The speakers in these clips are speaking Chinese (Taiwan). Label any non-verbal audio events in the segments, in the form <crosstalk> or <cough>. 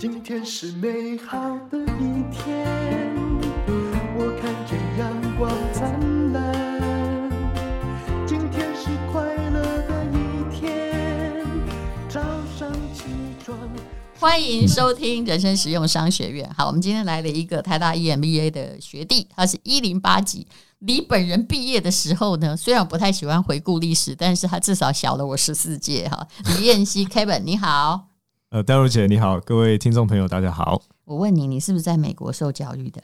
今天是美好的一天，我看見陽光燦爛。今天是快樂的一天，早上起床，起床，歡迎收聽人生實用商學院。好，我們今天來了一個台大 EMBA 的學弟，他是一零八級。你本人畢業的時候呢，雖然不太喜歡回顧歷史，但是他至少小了我十四屆哈。李彥熹，Kevin，你好。呃，淡如姐你好，各位聽眾朋友大家好。我問你，你是不是在美國受教育的？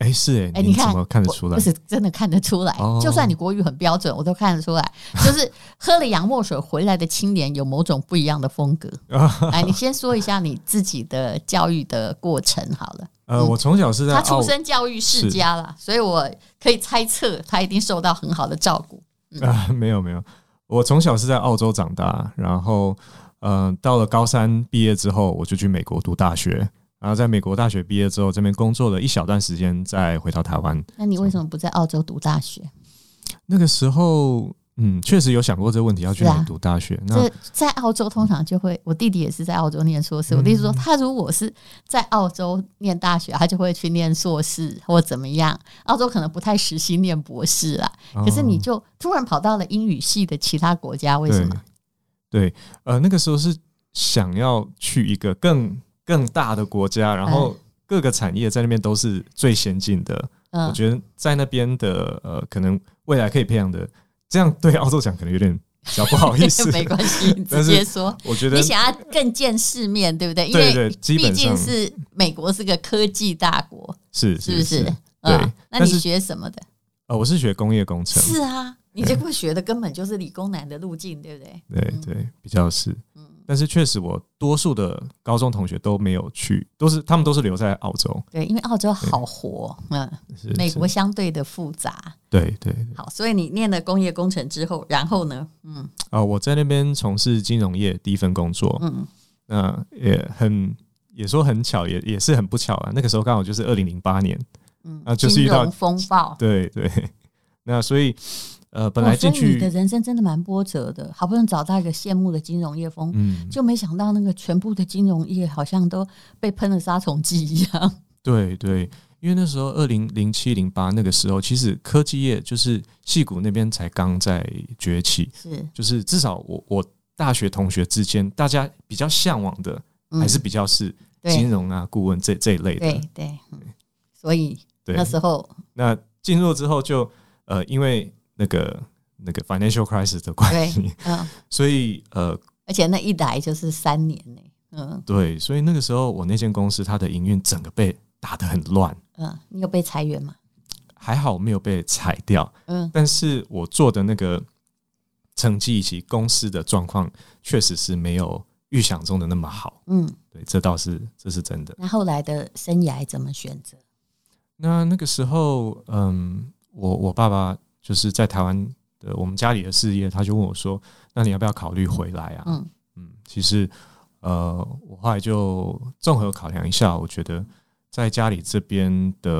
哎、欸，是哎、欸欸，你怎麼看得出來？不是真的看得出來。Oh. 就算你國語很標準，我都看得出來，就是喝了洋墨水回來的青年有某種不一樣的風格。哎， <laughs> 你先說一下你自己的教育的過程好了。呃，我從小是在澳他出身教育世家啦是，所以我可以猜測他一定受到很好的照顧。啊、嗯，uh, 沒有沒有，我從小是在澳洲長大，然後。嗯、呃，到了高三畢業之後，我就去美國讀大學。然後在美國大學畢業之後，這邊工作了一小段時間，再回到台灣。那你為什麼不在澳洲讀大學？那個時候，嗯，確實有想過這個問題，要去讀大學。啊、那在澳洲通常就會，我弟弟也是在澳洲念碩士。我弟弟說，他如果是在澳洲念大學、嗯，他就會去念碩士或怎麼樣。澳洲可能不太實習念博士啦、哦。可是你就突然跑到了英語系的其他國家，為什麼？對，呃，那個時候是想要去一個更更大的國家，然後各個產業在那邊都是最先進的。嗯、呃，我覺得在那邊的呃，可能未來可以培養的，這樣對澳洲講可能有點小不好意思。 <laughs> 沒關係，直接說。我覺得你想要更見世面，對不對？因為對，對對，基本上，畢竟是美國是個科技大國，是是，是，是，是不是？對，對是，那你學什麼的？呃，我是學工業工程。是啊。你這個學的根本就是理工男的路徑，對不對？對對，比較是。嗯，但是確實，我多數的高中同學都沒有去，都是他們都是留在澳洲。對，因為澳洲好活。嗯，美國相對的複雜。對對。好，所以你念了工業工程之後，然後呢？嗯。啊，我在那邊從事金融業第一份工作。嗯。那也很，也說很巧，也也是很不巧啊。那個時候剛好就是二零零八年。嗯。那就是遇到風暴。對對。那所以。呃，本來這去、哦、你的人生真的蠻波折的，好不容易找到一個羨慕的金融業風，嗯、就沒想到那個全部的金融業好像都被噴了殺蟲劑一樣對。對對，因為那時候二零零七零八那個時候，其實科技業就是矽谷那邊才剛在崛起，是就是至少我我大學同學之間，大家比較嚮往的、嗯、還是比較是金融啊、顧問這這一類的。對對，所以那時候那進入之後就呃，因為。那個那個 financial crisis 的關係，哦，所以呃，而且那一來就是三年呢，嗯，對，所以那個時候我那間公司它的營運整個被打得很亂，嗯，你有被裁員嗎？還好我沒有被裁掉，嗯，但是我做的那個成績以及公司的狀況確實是沒有預想中的那麼好，嗯，對，這倒是，這是真的。那後來的生涯怎麼選擇？那那個時候，嗯，我我爸爸。就是在台灣的我們家裡的事業，他就問我說：“那你要不要考慮回來啊？”嗯嗯，其實呃，我後來就綜合考量一下，我覺得在家裡這邊的、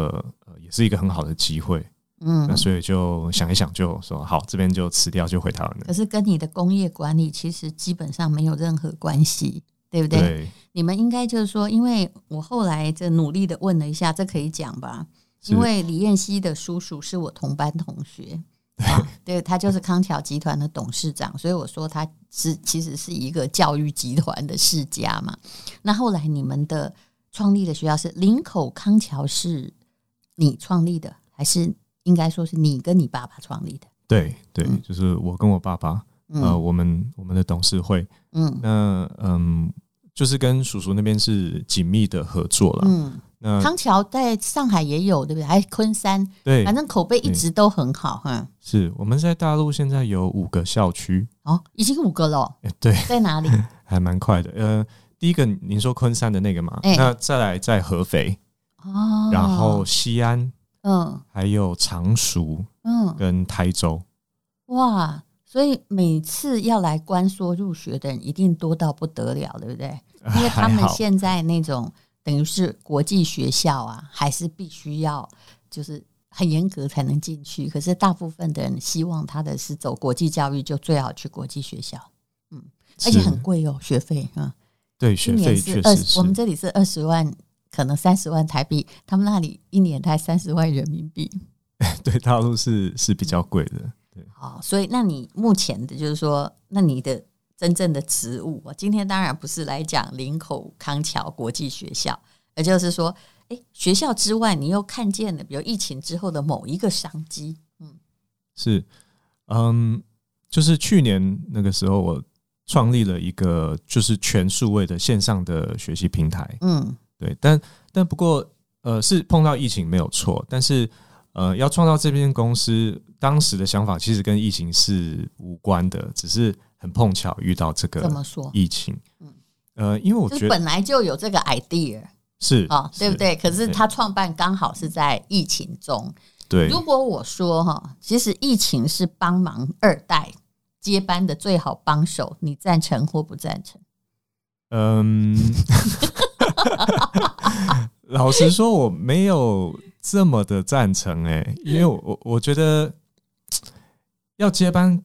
呃、也是一個很好的機會。嗯，那所以就想一想，就說好，這邊就辭掉，就回台灣了。可是跟你的工業管理其實基本上沒有任何關係，對不對？對。你們應該就是說，因為我後來這努力的問了一下，這可以講吧？因為李彥熹的叔叔是我同班同學，對，啊，對，他就是康橋集團的董事長，所以我說他是其實是一個教育集團的世家嘛。那後來你們的創立的學校是林口康橋，是你創立的，還是應該說是你跟你爸爸創立的？對對，就是我跟我爸爸，嗯，呃，我們我們的董事會，嗯，那嗯，就是跟叔叔那邊是緊密的合作了，嗯。康橋在上海也有，對不對？還昆山，對，反正口碑一直都很好哈、嗯。是我們在大陸現在有五個校區哦，已經有五個了。對，在哪裡？還蠻快的。呃，第一個您說昆山的那個嘛，欸，那再來在合肥哦，欸，然後西安、哦，嗯，還有常熟，嗯，跟台州。哇，所以每次要來關說入學的人一定多到不得了，對不對？呃、因為他們現在那種。等於是國際學校啊，還是必須要就是很嚴格才能進去。可是大部分的人希望他的是走國際教育，就最好去國際學校。嗯，而且很貴哦，學費啊。對，學費是二十，我們這裡是二十萬，可能三十萬台幣，他們那裡一年才三十萬人民幣。對，大陸是是比較貴的。對，好，所以那你目前的就是說，那你的。真正的職務，我今天當然不是來講林口康橋國際學校，也就是說，誒、欸，學校之外，你又看見了，比如疫情之後的某一個商機，嗯，是，嗯，就是去年那個時候，我創立了一個就是全數位的線上的學習平台，嗯，對，但但不過，呃，是碰到疫情沒有錯，但是呃，要創造這邊公司，當時的想法其實跟疫情是無關的，只是。很碰巧遇到這個，怎麼說，疫情，嗯，呃，因為我覺得本來就有這個 idea，是啊、哦，對不對？是可是他創辦剛好是在疫情中，對。如果我說哈，其實疫情是幫忙二代接班的最好幫手，你贊成或不贊成？嗯， <laughs> <laughs> <laughs> 老實說，我沒有這麼的贊成誒、欸，因為我我覺得要接班。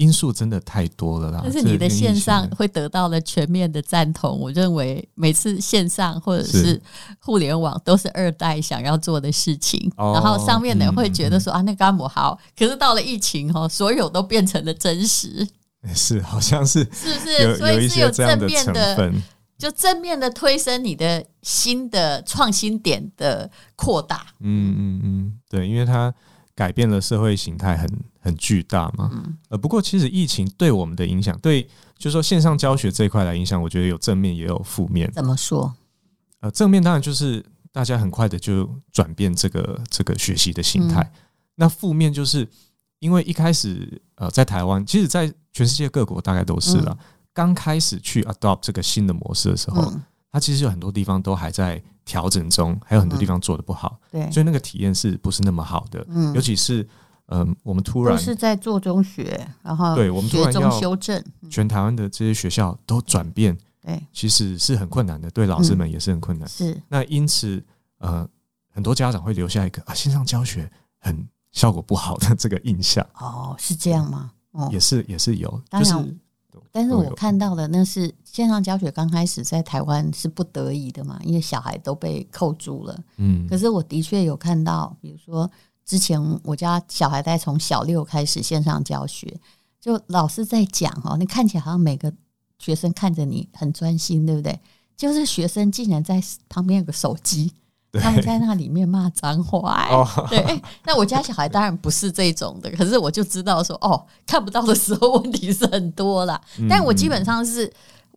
因素真的太多了啦。但是你的線上會得到了全面的贊同。我認為每次線上或者是互聯網都是二代想要做的事情。哦、然後上面的人會覺得說、嗯、啊，那幹嘛好？可是到了疫情哦，所有都變成了真實。是，好像是，是不是？所以是有正面的，的就正面的推升你的新的創新點的擴大。嗯嗯嗯，對，因為他。改變了社會形態，很很巨大嘛、嗯。呃，不過其實疫情對我們的影響，對，就是說線上教學這一塊來影響，我覺得有正面也有負面。怎麼說？呃，正面當然就是大家很快的就轉變這個這個學習的心態、嗯。那負面就是因為一開始呃，在台灣，其實在全世界各國，大概都是了。剛、嗯、開始去 adopt 這個新的模式的時候，嗯、它其實有很多地方都還在。調整中，還有很多地方做得不好、嗯，對，所以那個體驗是不是那麼好的。嗯，尤其是嗯、呃，我們突然是在做中學，然後對，我們突然要修正全台灣的這些學校都轉變、嗯，對，其實是很困難的，對老師們也是很困難。嗯、是那因此，呃，很多家長會留下一個啊，線上教學很，效果不好的這個印象。哦，是這樣嗎？哦，也是也是有，當然。就是但是我看到的那是線上教學剛開始在台灣是不得已的嘛，因為小孩都被扣住了。嗯，可是我的確有看到，比如說之前我家小孩在從小六開始線上教學，就老師在講哦，你看起來好像每個學生看着你很專心，對不對？就是學生竟然在旁邊有個手機。他們在那裡面罵髒話、欸。對、欸，那我家小孩當然不是這種的，可是我就知道說，哦，看不到的時候問題是很多啦。但我基本上是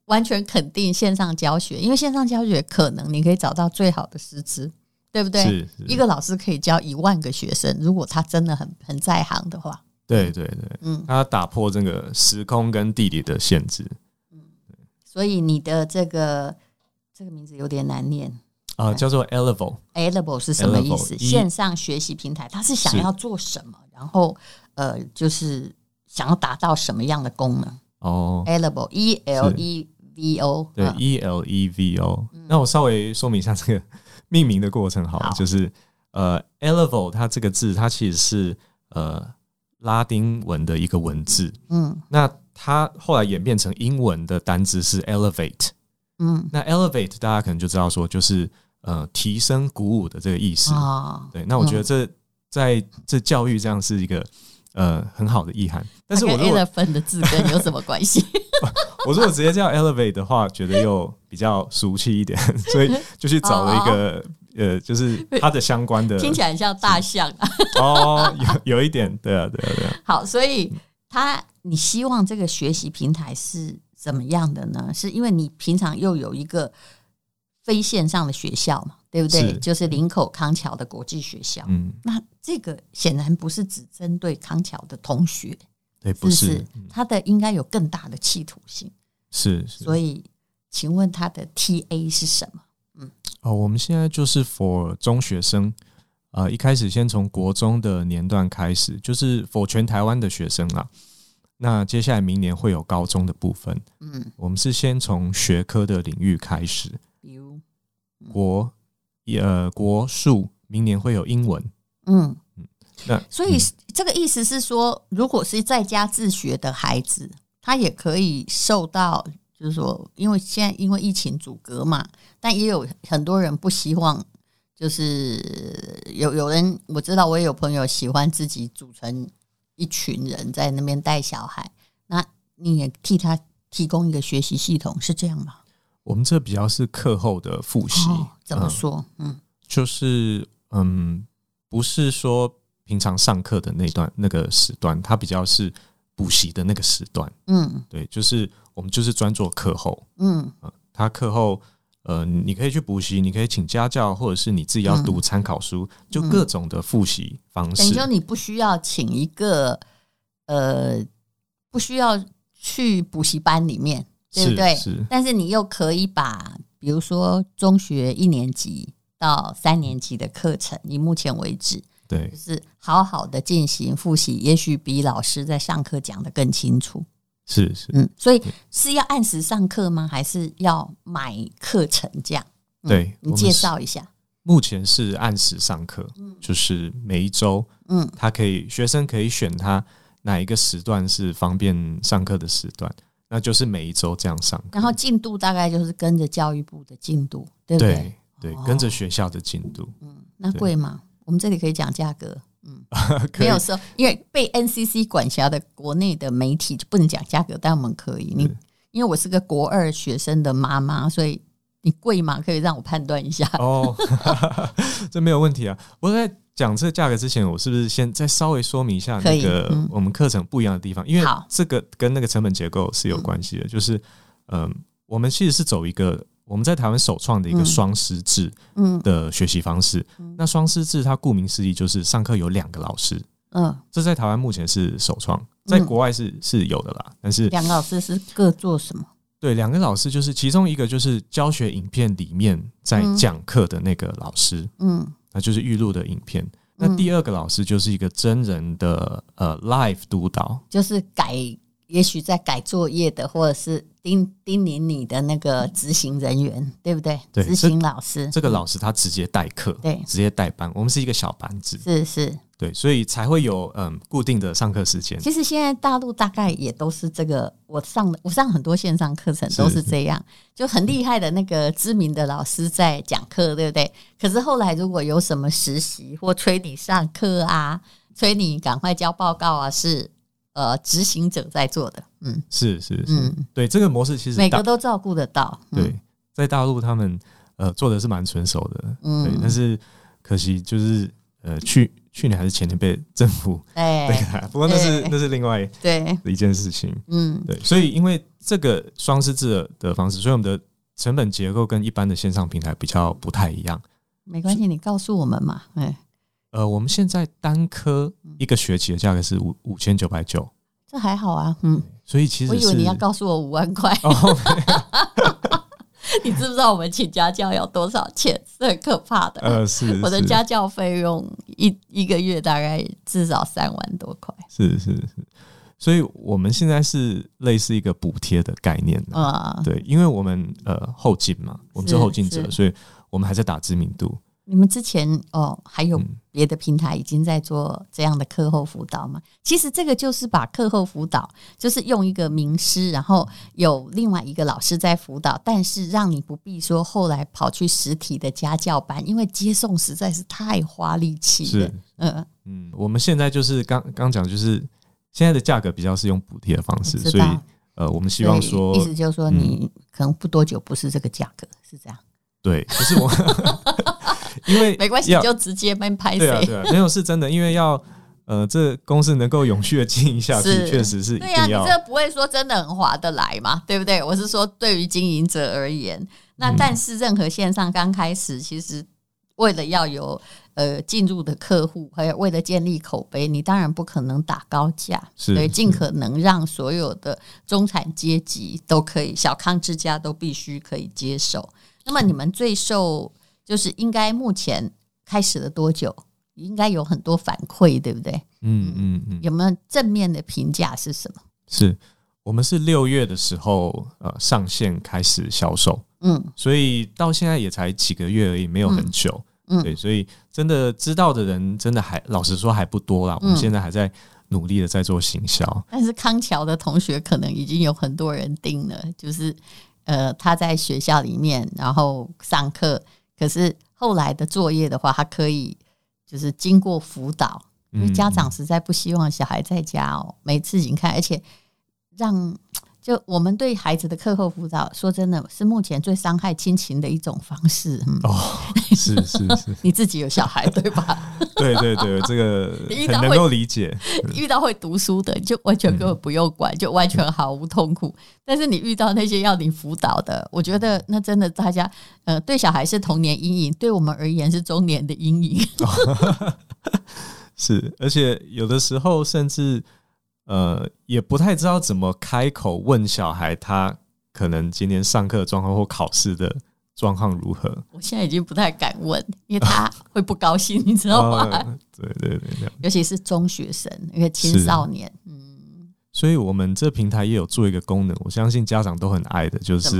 完全肯定線上教學，因為線上教學可能你可以找到最好的師資，對不對？一個老師可以教一萬個學生，如果他真的很很在行的話。對對對，嗯，他打破這個時空跟地理的限制。嗯，所以你的這個這個名字有點難念。啊、呃，叫做 Elevo，Elevo、okay. Elevo 是什麼意思？Elevo, 線上學習平台，e, 它是想要做什麼？然後，呃，就是想要達到什麼樣的功能？哦、oh，Elevo，E L E V O，對、嗯，E L E V O。那我稍微說明一下這個命名的過程好了，好、嗯，就是呃，Elevo 它這個字，它其實是呃拉丁文的一個文字，嗯，那它後來演變成英文的單字是 Elevate，嗯，那 Elevate 大家可能就知道說就是。呃，提升鼓舞的這個意思，哦、對。那我覺得這、嗯、在這教育上是一個呃很好的意涵。但是我 elephant 的字根有什麼關係？ <laughs> 我如果直接叫 elevate 的話， <laughs> 覺得又比較俗氣一點， <laughs> 所以就去找了一個、哦、呃，就是它的相關的，聽起來很像大象。 <laughs> 哦，有有一點，對啊，對啊，對啊。好，所以他，嗯、你希望這個學習平台是怎麼樣的呢？是因為你平常又有一個。非線上的學校嘛，對不對？是就是林口康橋的國際學校。嗯，那這個顯然不是只針對康橋的同學，對、欸，是不是、嗯，他的應該有更大的企圖性是。是，所以，請問他的 TA 是什麼？嗯，哦，我們現在就是 for 中學生，呃，一開始先從國中的年段開始，就是 for 全台灣的學生啦、啊。那接下來明年會有高中的部分。嗯，我們是先從學科的領域開始。比如國，呃，國數，明年會有英文。嗯嗯，那所以這個意思是說，如果是在家自學的孩子，他也可以受到，就是說，因為現在因為疫情阻隔嘛，但也有很多人不希望，就是有有人，我知道我也有朋友喜歡自己組成一群人在那邊帶小孩，那你也替他提供一個學習系統，是這樣嗎？我們這比較是課後的複習，哦、怎麼說？嗯，呃、就是嗯，不是說平常上課的那段那個時段，它比較是補習的那個時段。嗯，對，就是我們就是專做課後。嗯、呃、它他課後呃，你可以去補習，你可以請家教，或者是你自己要讀參考書，嗯、就各種的複習方式。嗯嗯、等於就你不需要請一個呃，不需要去補習班裡面。對不對？但是你又可以把，比如說中學一年級到三年級的課程，你目前為止，對，就是好好的進行複習，也許比老師在上課講得更清楚。是是，嗯，所以是要按時上課嗎？還是要買課程這樣？嗯，對你介紹一下，目前是按時上課，嗯，就是每一周，嗯，他可以學生可以選他哪一個時段是方便上課的時段。那就是每一週這樣上，然後進度大概就是跟着教育部的進度，對不對？對，對哦，跟着學校的進度。嗯，那貴嗎？我們這裡可以講價格。嗯， <laughs> 沒有說，因為被 NCC 管轄的國內的媒體就不能講價格，但我們可以。你因為我是個國二學生的媽媽，所以。你貴嗎？可以讓我判斷一下哦，哈哈哈，這沒有問題啊。我在講這個價格之前，我是不是先再稍微說明一下那個我們課程不一樣的地方，因為這個跟那個成本結構是有關係的。就是，嗯，我們其實是走一個我們在台灣首創的一個雙師制，嗯的學習方式。那雙師制它顧名思義就是上課有兩個老師，嗯，這在台灣目前是首創，在國外是是有的啦。但是，兩個老師是各做什麼？對，兩個老師，就是其中一個就是教學影片裡面在講課的那個老師，嗯，那就是預錄的影片，嗯。那第二個老師就是一個真人的呃 live 督導，就是改，也許在改作業的，或者是叮叮嚀你的那個執行人員，對不對？對，執行老師。這，這個老師他直接代課，對，直接代班。我們是一個小班制，是是。對，所以才會有嗯固定的上課時間。其實現在大陸大概也都是這個，我上的我上很多線上課程都是這樣是，就很厲害的那個知名的老師在講課，對不對？可是後來如果有什麼實習或催你上課啊，催你趕快交報告啊，是呃執行者在做的。嗯，是是是，是嗯、對，這個模式其實每個都照顧得到。嗯、對，在大陸他們呃做的是蠻純熟的，嗯，對但是可惜就是呃去。去年還是前年被政府哎、啊，不過那是那是另外對的一件事情對，嗯對，所以因為這個雙師制的方式，所以我們的成本結構跟一般的線上平台比較不太一樣。沒關係，你告訴我們嘛，哎。呃，我們現在單科一個學期的價格是五五千九百九，這還好啊，嗯。所以其實我以為你要告訴我五萬塊。 <laughs> <laughs> <laughs> 你知不知道我們請家教要多少錢？是很可怕的。呃，是，是。我的家教費用一一個月大概至少三萬多塊。是是是，所以我們現在是類似一個補貼的概念啊。對，因為我們呃後進嘛，我們是後進者，所以我們還在打知名度。你們之前哦，還有別的平台已經在做這樣的課後輔導嗎？嗯？其實這個就是把課後輔導，就是用一個名師，然後有另外一個老師在輔導，但是讓你不必說後來跑去實體的家教班，因為接送實在是太花力氣。是，嗯嗯，我們現在就是剛剛講，就是現在的價格比較是用補貼的方式，所以呃，我們希望說，意思就是說，你可能不多久不是這個價格，嗯，是這樣。對，可是我。 <laughs> 因為沒關係，你就直接被拍死。對、啊對啊，沒有，是真的。因為要呃，這公司能夠永續的經營下去，確 <laughs> 實是一對，啊。對，你這不會說真的很划得來嘛，對不對？我是說，對於經營者而言，那但是任何線上剛開始，嗯、其實為了要有呃進入的客戶，還有為了建立口碑，你當然不可能打高價，是，所以盡可能讓所有的中產階級都可以、小康之家都必須可以接受。那麼你們最受。就是應該目前開始了多久？應該有很多反饋，對不對？嗯嗯嗯，嗯。有沒有正面的評價？是什麼？是我們是六月的時候，呃，上線開始銷售，嗯，所以到現在也才幾個月而已，沒有很久，嗯，對。所以真的知道的人真的還老實說還不多啦，嗯。我們現在還在努力的在做行銷，嗯，但是康橋的同學可能已經有很多人訂了，就是呃，他在學校裡面然後上課。可是後來的作業的話，他可以就是經過輔導，嗯嗯，因為家長實在不希望小孩在家哦，每次你看，而且讓。就我們對孩子的課後輔導，說真的是目前最傷害親情的一種方式。嗯、哦，是是是，是 <laughs> 你自己有小孩 <laughs> 對吧？對對對，這個很能夠理解，遇，遇到會讀書的，就完全根本不用管，嗯，就完全毫無痛苦，嗯。但是你遇到那些要你輔導的，我覺得那真的大家，呃，對小孩是童年陰影，對我們而言是中年的陰影。 <laughs> <laughs> 是，而且有的時候甚至。呃，也不太知道怎麼開口問小孩，他可能今天上課狀況或考試的狀況如何。我現在已經不太敢問，因為他會不高興，呃、你知道嗎？呃、對對對，尤其是中學生，因為青少年，嗯。所以我們這平台也有做一個功能，我相信家長都很愛的，就是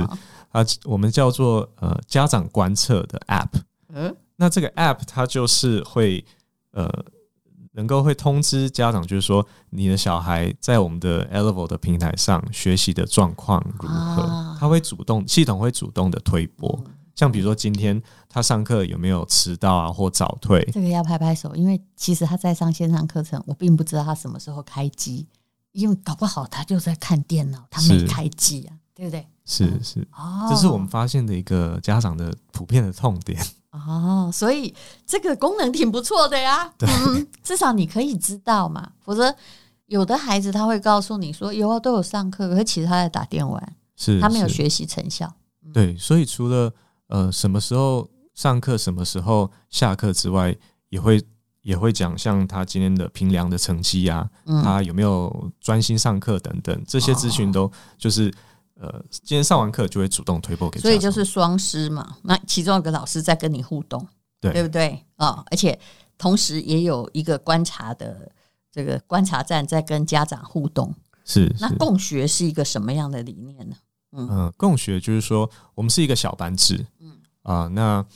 啊，它我們叫做呃家長觀測的 App。嗯、呃，那這個 App 它就是會呃。能夠會通知家長，就是說你的小孩在我們的 elevo 的平台上學習的狀況如何，啊，他會主動系統會主動的推播，嗯，像比如說今天他上課有沒有遲到啊或早退，這個要拍拍手，因為其實他在上線上課程，我並不知道他什麼時候開機，因為搞不好他就在看電腦，他沒開機啊。對不對？是是，這是我們發現的一個家長的普遍的痛點。哦，所以這個功能挺不錯的呀。對 <laughs> 至少你可以知道嘛，否則有的孩子他會告訴你說：“有啊，都有上課。”可是其實他在打電玩，是他沒有學習成效。對，所以除了呃什麼時候上課、什麼時候下課之外，也會也會講像他今天的評量的成績呀、啊嗯，他有沒有專心上課等等這些資訊都就是。哦呃，今天上完課就會主動推播，給，所以就是雙師嘛。那其中有個老師在跟你互動，對對不對啊、哦？而且同時也有一個觀察的這個觀察站在跟家長互動。是，是，那共學是一個什麼樣的理念呢？嗯、呃，共學就是說我們是一個小班制，嗯啊、呃，那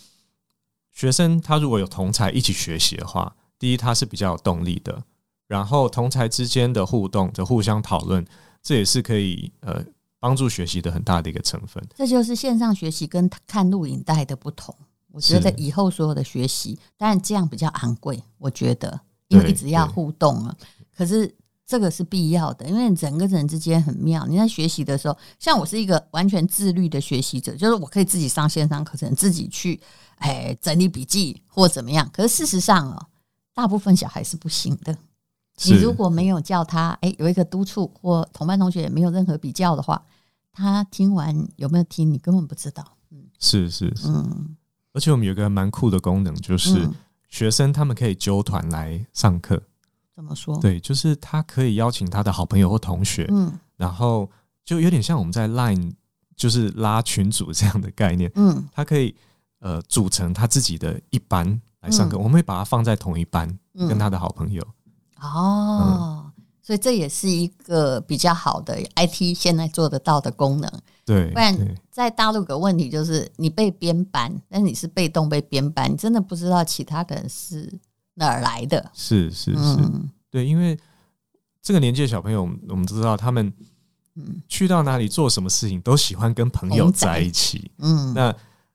學生他如果有同儕一起學習的話，第一他是比較有動力的，然後同儕之間的互動就互相討論，這也是可以呃。幫助學習的很大的一個成分，這就是線上學習跟看錄影帶的不同。我覺得在以後所有的學習，當然這樣比較昂貴，我覺得因為一直要互動啊。可是這個是必要的，因為人跟人之間很妙。你在學習的時候，像我是一個完全自律的學習者，就是我可以自己上線上課程，自己去哎，整理筆記或怎麼樣。可是事實上哦，大部分小孩是不行的。你如果沒有叫他哎，有一個督促或同班同學也沒有任何比較的話。他聽完有沒有聽？你根本不知道。嗯，是是是，嗯。而且我們有一個蠻酷的功能，就是學生他們可以揪團來上課，嗯。怎麼說？對，就是他可以邀請他的好朋友或同學，嗯。然後就有點像我們在 Line，就是拉群組這樣的概念。嗯，他可以呃組成他自己的一班來上課，嗯。我們會把它放在同一班，嗯，跟他的好朋友。哦。嗯所以這也是一個比較好的 IT 現在做得到的功能。對，不然在大陸有個問題就是你被編班，但你是被動被編班，你真的不知道其他人是哪兒來的、嗯。是是是，嗯、對，因為這個年紀的小朋友，我們都知道他們，去到哪裡做什麼事情都喜歡跟朋友在一起。嗯，那，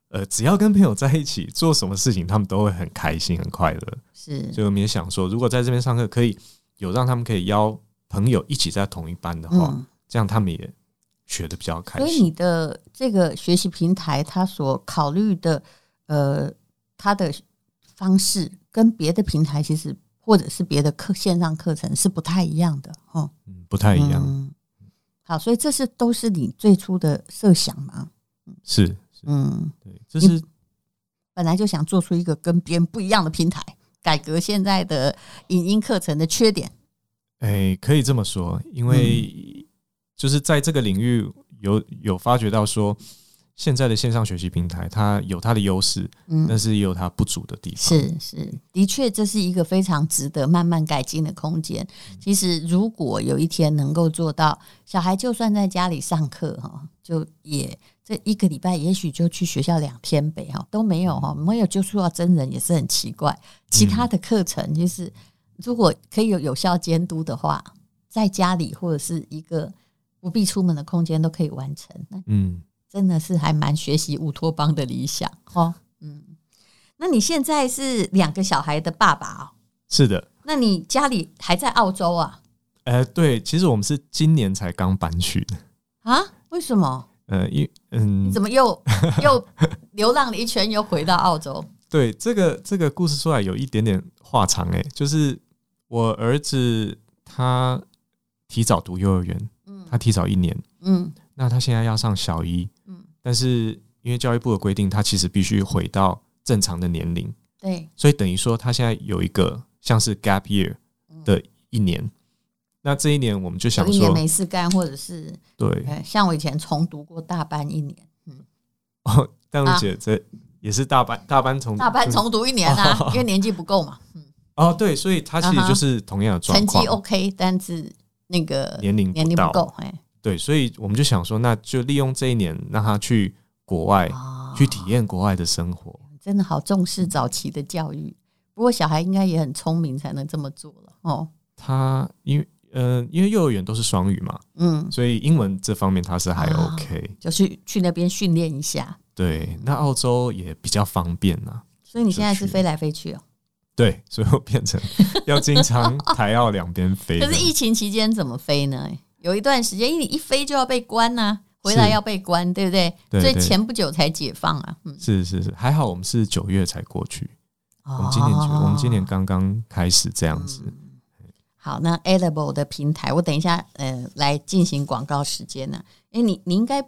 那呃，只要跟朋友在一起做什麼事情，他們都會很開心很快樂。是，所以我們也想說，如果在這邊上課可以。有讓他們可以邀朋友一起在同一班的話，嗯、這樣他們也學的比較開心。所以你的這個學習平台，他所考慮的呃，他的方式跟別的平台其實或者是別的課線上課程是不太一樣的哈、嗯。不太一樣、嗯。好，所以這是都是你最初的設想嗎？是，是，嗯，對，這是本來就想做出一個跟別人不一樣的平台。改革現在的影音課程的缺點，哎、欸，可以這麼說，因為就是在這個領域有有發覺到說，現在的線上學習平台它有它的優勢，嗯，但是也有它不足的地方。嗯、是是，的確這是一個非常值得慢慢改進的空間。其實如果有一天能夠做到，小孩就算在家裡上課，哈，就也。這一個禮拜，也許就去學校兩天唄，哈，都沒有哈，沒有接觸到真人也是很奇怪。其他的課程，就是、嗯、如果可以有有效監督的話，在家裡或者是一個不必出門的空間都可以完成。嗯，真的是還蠻學習烏托邦的理想哈。嗯，那你現在是兩個小孩的爸爸啊、哦？是的。那你家裡還在澳洲啊？哎、呃，對，其實我們是今年才剛搬去的。啊？為什麼？呃，一嗯，你怎麼又又流浪了一圈，又回到澳洲？ <laughs> 對，這個這個故事出來有一點點話長誒、欸，就是我兒子他提早讀幼兒園，嗯，他提早一年，嗯，那他現在要上小一，嗯，但是因為教育部的規定，他其實必須回到正常的年齡，對，所以等於說他現在有一個像是 gap year 的一年。嗯那這一年我們就想說，一年沒事幹，或者是對，像我以前重讀過大班一年，嗯，哦，淡如姐、啊、這也是大班大班重大班重讀一年啊，嗯、因為年紀不夠嘛、嗯，哦，對，所以他其實就是同樣的狀況、啊，成績 OK，但是那個年齡年齡不夠、欸，對，所以我們就想說，那就利用這一年讓他去國外、啊、去體驗國外的生活，真的好重視早期的教育，不過小孩應該也很聰明，才能這麼做了哦，他因為。嗯、呃，因為幼兒園都是雙語嘛，嗯，所以英文這方面他是還 OK，、啊、就去去那邊訓練一下。對，那澳洲也比較方便吶。所以你現在是飛來飛去哦。對，所以我變成要經常台澳兩邊飛。 <laughs> 可是疫情期間怎麼飛呢？有一段時間，因為你一飛就要被關吶、啊，回來要被關，對不對？所以前不久才解放啊。對對對嗯、是是是，還好我們是九月才過去，啊、我們今年我們今年剛剛開始這樣子。嗯好，那 elevo 的平台，我等一下，呃，來進行廣告時間呢、啊？哎，你你應該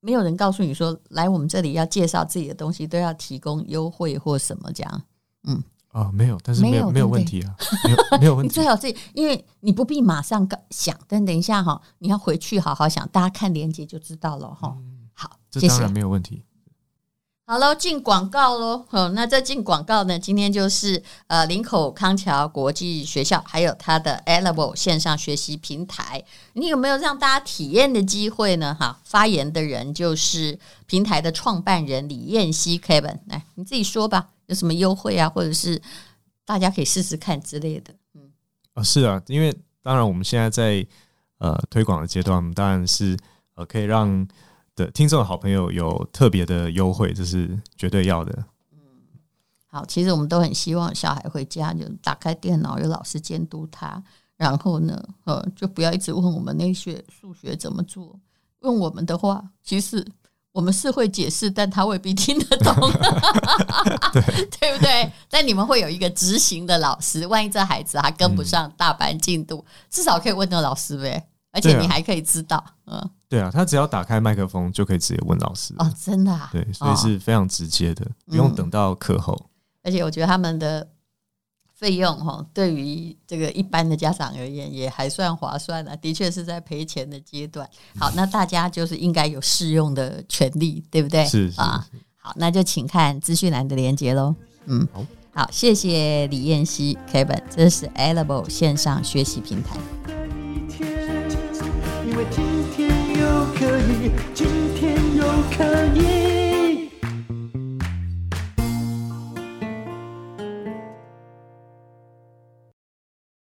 沒有人告訴你說，來我們這裡要介紹自己的東西，都要提供優惠或什麼這樣？嗯，啊、哦，沒有，但是沒有沒有，對對沒有問題啊，沒有沒有問題。 <laughs> 你最好自己，因為你不必馬上想，但等一下哈，你要回去好好想，大家看鏈接就知道了哈、嗯。好，這當然沒有問題。好了，進廣告嘍。好，那這進廣告呢，今天就是呃，林口康橋國際學校，還有它的 elevo 線上學習平台，你有沒有讓大家體驗的機會呢？哈，發言的人就是平台的創辦人李彥熹 Kevin，來你自己說吧，有什麼優惠啊，或者是大家可以試試看之類的。嗯，啊，是啊，因為當然我們現在在呃推廣的階段，當然是呃可以讓。對，聽眾好朋友有特別的優惠，這是絕對要的。嗯，好，其實我們都很希望小孩回家就打開電腦，有老師監督他。然後呢，呃、嗯，就不要一直問我們那些數學怎麼做。問我們的話，其實我們是會解釋，但他未必聽得懂 <laughs> <laughs> <laughs> 對，對不對？但你們會有一個執行的老師，萬一這孩子還跟不上大班進度，嗯，至少可以問那個老師唄。而且你還可以知道、啊，嗯，對啊，他只要打開麥克風就可以直接問老師哦，真的啊，對，所以是非常直接的，哦，不用等到課後。嗯。而且我覺得他們的費用哈，對於這個一般的家長而言，也還算划算。啊，的確是在賠錢的階段。好，那大家就是應該有試用的權利，對不對？ <laughs> 是啊，哦，好，那就請看資訊欄的連結嘍。嗯好，好，謝謝李彥熹 Kevin，這是 elevo 線上學習平台。因為今天又可以。